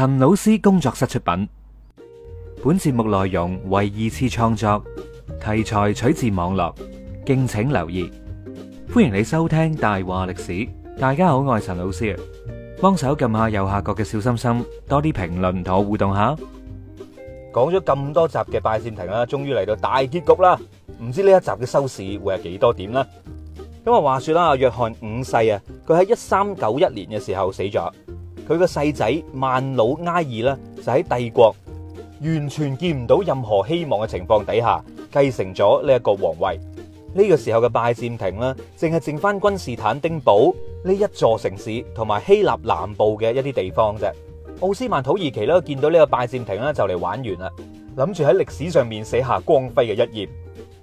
陳老師工作室出品，本節目內容為二次創作，題材取自網絡，敬請留意。歡迎你收聽《大話歷史》，大家好，我係陳老師啊！幫手撳下右下角嘅小心心，多啲評論同我互動下。講咗咁多集嘅拜占庭啦，終於嚟到大結局啦！唔知呢一集嘅收視會係幾多點呢？因為話說啦，約翰五世啊，佢喺一三九一年嘅時候死咗。佢個細仔曼努埃爾呢，就喺帝國完全見唔到任何希望嘅情況底下，繼承咗呢一個皇位。呢、這個時候嘅拜占庭呢，淨係剩翻，君士坦丁堡呢一座城市同埋希臘南部嘅一啲地方啫。奧斯曼土耳其呢，見到呢個拜占庭呢，就嚟玩完啦，諗住喺歷史上面寫下光輝嘅一頁。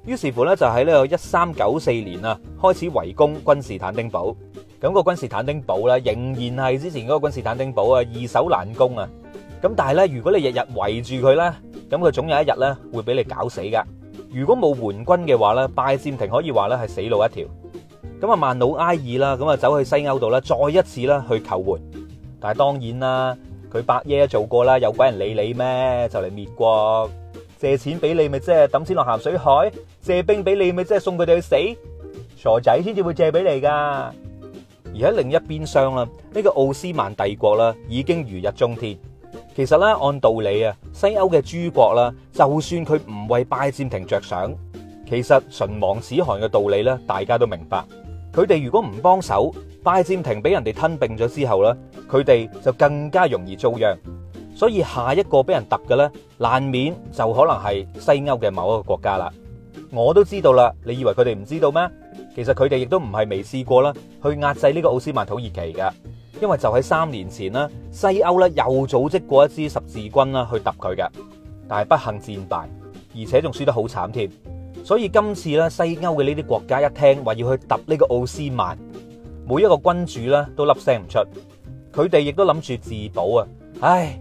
於是乎呢，就喺、是、呢個一三九四年啊，開始圍攻君士坦丁堡。咁個君士坦丁堡啦，仍然係之前嗰個君士坦丁堡啊，易守難攻啊。咁但係咧，如果你日日圍住佢咧，咁佢總有一日咧會俾你搞死噶。如果冇援軍嘅話咧，拜占庭可以話咧係死路一條。咁啊，曼努埃爾啦，咁啊走去西歐度啦，再一次啦去求援。但係當然啦，佢伯爺都做過啦，有鬼人理你咩？就嚟滅國，借錢俾你咪即係抌錢落鹹水海，借兵俾你咪即係送佢哋去死，傻仔先至會借俾你噶。而喺另一邊廂啦，呢個奧斯曼帝國啦已經如日中天。其實呢，按道理啊，西歐嘅諸國啦，就算佢唔為拜占庭着想，其實唇亡齒寒嘅道理呢，大家都明白。佢哋如果唔幫手，拜占庭俾人哋吞並咗之後呢，佢哋就更加容易遭殃。所以下一個俾人揼嘅呢，難免就可能係西歐嘅某一個國家啦。我都知道啦，你以為佢哋唔知道咩？其實佢哋亦都唔係未試過啦，去壓制呢個奧斯曼土耳其嘅，因為就喺三年前啦，西歐啦又組織過一支十字軍啦去揼佢嘅，但係不幸戰敗，而且仲輸得好慘添。所以今次啦，西歐嘅呢啲國家一聽話要去揼呢個奧斯曼，每一個君主啦都粒聲唔出，佢哋亦都諗住自保啊！唉，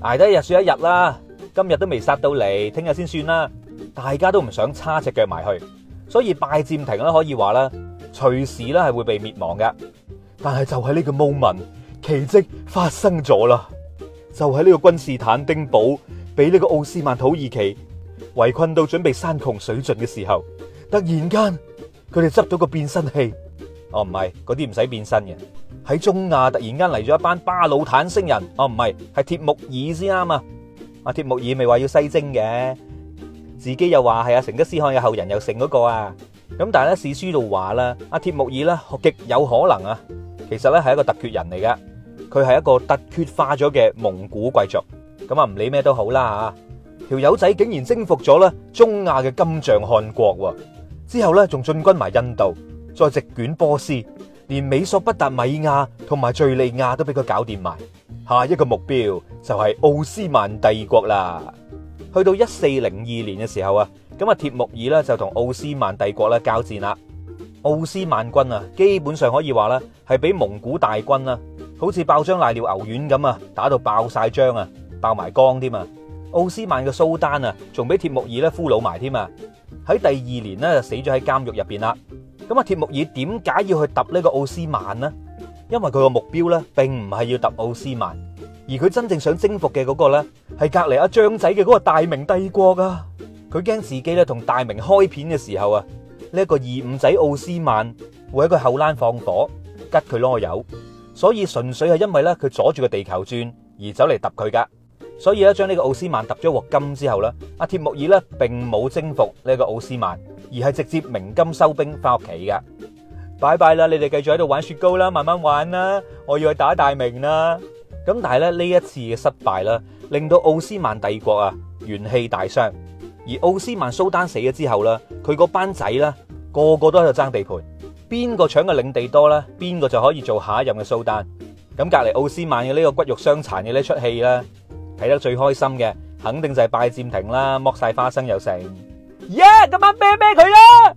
捱得一日算一日啦，今日都未殺到你，聽日先算啦，大家都唔想叉隻腳埋去。所以拜占庭啦，可以話咧，隨時咧係會被滅亡嘅。但係就喺呢個 moment 奇跡發生咗啦，就喺呢個君士坦丁堡俾呢個奧斯曼土耳其圍困到準備山窮水盡嘅時候，突然間佢哋執到個變身器。哦唔係，嗰啲唔使變身嘅。喺中亞突然間嚟咗一班巴魯坦星人。哦唔係，係鐵木爾先啱啊！啊鐵木爾咪話要西征嘅。自己又話係阿成吉思汗嘅後人又成嗰個啊，咁但係咧史書度話啦，阿帖木爾啦極有可能啊，其實咧係一個突厥人嚟嘅，佢係一個突厥化咗嘅蒙古貴族。咁啊唔理咩都好啦啊，條友仔竟然征服咗咧中亞嘅金帳汗國，之後咧仲進軍埋印度，再席捲波斯，連美索不達米亞同埋敘利亞都俾佢搞掂埋，下一個目標就係奧斯曼帝國啦。去到一四零二年嘅時候啊，咁啊，帖木爾咧就同奧斯曼帝國咧交戰啦。奧斯曼軍啊，基本上可以話咧係俾蒙古大軍啦，好似爆漿瀨尿牛丸咁啊，打到爆晒漿啊，爆埋光添啊。奧斯曼嘅蘇丹啊，仲俾帖木爾咧俘虜埋添啊。喺第二年咧就死咗喺監獄入邊啦。咁啊，帖木爾點解要去揼呢個奧斯曼呢？因為佢個目標咧，並唔係要揼奧斯曼。而佢真正想征服嘅嗰個呢，係隔籬阿張仔嘅嗰個大明帝國噶。佢驚自己咧同大明開片嘅時候啊，呢、這、一個二五仔奧斯曼會喺佢後欄放火吉佢囉柚，所以純粹係因為呢，佢阻住個地球轉而走嚟揼佢噶。所以咧，將呢個奧斯曼揼咗一鑊金之後呢，阿、啊、鐵木爾呢，並冇征服呢個奧斯曼，而係直接鳴金收兵翻屋企噶。拜拜啦，你哋繼續喺度玩雪糕啦，慢慢玩啦。我要去打大明啦。咁但係咧，呢一次嘅失敗啦，令到奧斯曼帝國啊，元氣大傷。而奧斯曼蘇丹死咗之後咧，佢個班仔咧，個個都喺度爭地盤，邊個搶嘅領地多咧，邊個就可以做下一任嘅蘇丹。咁隔籬奧斯曼嘅呢個骨肉相殘嘅呢齣戲咧，睇得最開心嘅，肯定就係拜占庭啦，剝晒花生又成。耶，yeah, 今晚咩咩佢啦！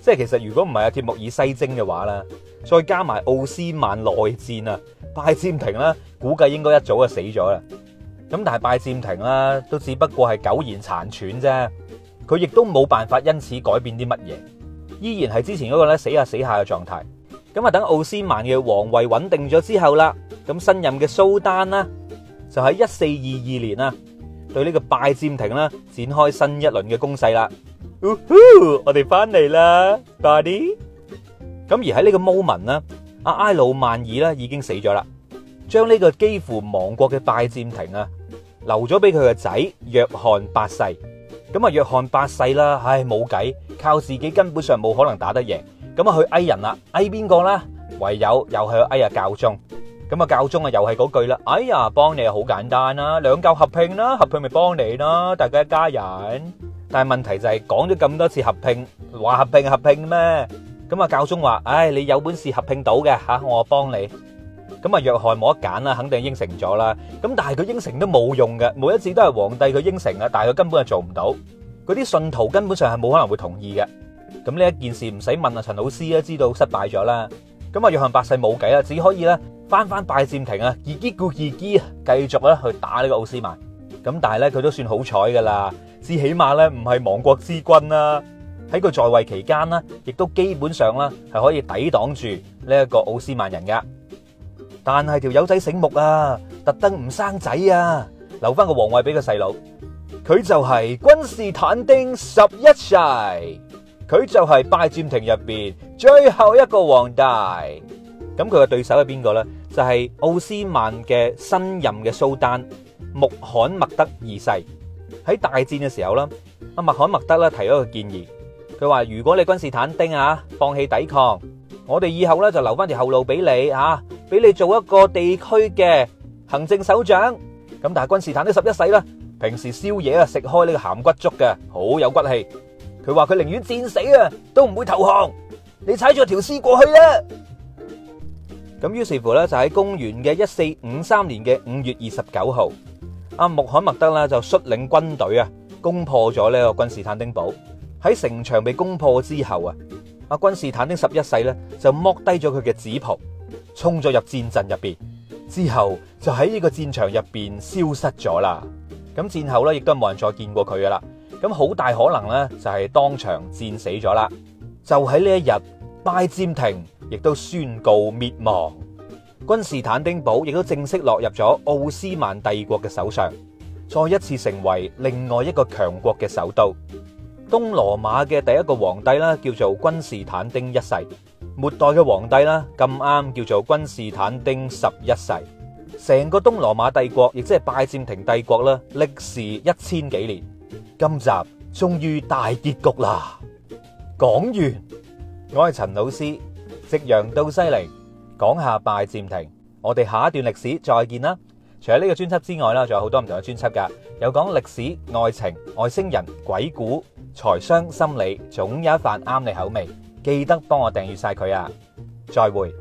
即係其實如果唔係阿鐵木爾西征嘅話咧，再加埋奧斯曼內戰啊，拜占庭啦，估計應該一早就死咗啦。咁但係拜占庭啦，都只不過係苟延殘喘啫，佢亦都冇辦法因此改變啲乜嘢，依然係之前嗰個咧死下死下嘅狀態。咁啊，等奧斯曼嘅皇位穩定咗之後啦，咁新任嘅蘇丹啦，就喺一四二二年啦，對呢個拜占庭啦展開新一輪嘅攻勢啦。我哋翻嚟啦，body。咁而喺呢個 moment 啦，阿埃魯曼爾啦已經死咗啦，將呢個幾乎亡國嘅拜占庭啊留咗俾佢個仔約翰八世。咁啊，約翰八世啦，唉冇計，靠自己根本上冇可能打得贏。咁啊，去哀人啦，哀邊個啦？唯有又去哀啊教宗。咁啊，教宗啊又係嗰句啦，哎呀，幫你好簡單啦，兩教合併啦，合併咪幫你啦，大家一家人。但係問題就係講咗咁多次合併，話合併合併咩？咁啊教宗話：唉，你有本事合併到嘅嚇，我幫你。咁啊約翰冇得揀啦，肯定應承咗啦。咁但係佢應承都冇用嘅，每一次都係皇帝佢應承啦，但係佢根本係做唔到。嗰啲信徒根本上係冇可能會同意嘅。咁呢一件事唔使問啊，陳老師都知道失敗咗啦。咁啊約翰八世冇計啦，只可以咧翻翻拜占庭啊，自己顧自己啊，繼續咧去打呢個奧斯曼。咁但係咧佢都算好彩㗎啦。至起碼咧唔係亡國之君啦，喺佢在位期間咧，亦都基本上啦係可以抵擋住呢一個奧斯曼人嘅。但係條友仔醒目啊，特登唔生仔啊，留翻個皇位俾個細佬。佢就係君士坦丁十一世，佢就係拜占庭入邊最後一個皇帝。咁佢嘅對手係邊個咧？就係奧斯曼嘅新任嘅蘇丹穆罕默德二世。喺大戰嘅時候啦，阿默罕默德啦提咗個建議，佢話如果你君士坦丁啊放棄抵抗，我哋以後咧就留翻條後路俾你啊，俾你做一個地區嘅行政首長。咁但係君士坦丁十一世咧，平時宵夜啊食開呢個鹹骨粥嘅，好有骨氣。佢話佢寧願戰死啊，都唔會投降。你踩咗條屍過去啦。咁於是乎咧，就喺公元嘅一四五三年嘅五月二十九號。阿、啊、穆罕默德咧就率領軍隊啊，攻破咗呢個君士坦丁堡。喺城牆被攻破之後啊，阿、啊、君士坦丁十一世咧就剝低咗佢嘅紫袍，衝咗入戰陣入邊，之後就喺呢個戰場入邊消失咗啦。咁戰後咧，亦都冇人再見過佢噶啦。咁好大可能咧，就係當場戰死咗啦。就喺呢一日，拜占庭亦都宣告滅亡。君士坦丁堡亦都正式落入咗奧斯曼帝國嘅手上，再一次成為另外一個強國嘅首都。東羅馬嘅第一個皇帝呢，叫做君士坦丁一世；末代嘅皇帝啦，咁啱叫做君士坦丁十一世。成個東羅馬帝國，亦即係拜占庭帝國啦，歷時一千幾年。今集終於大結局啦！講完，我係陳老師，夕陽到西嚟。講下拜占庭，我哋下一段歷史再見啦！除咗呢個專輯之外呢，仲有好多唔同嘅專輯噶，有講歷史、愛情、外星人、鬼故、財商、心理，總有一份啱你口味。記得幫我訂閱晒佢啊！再會。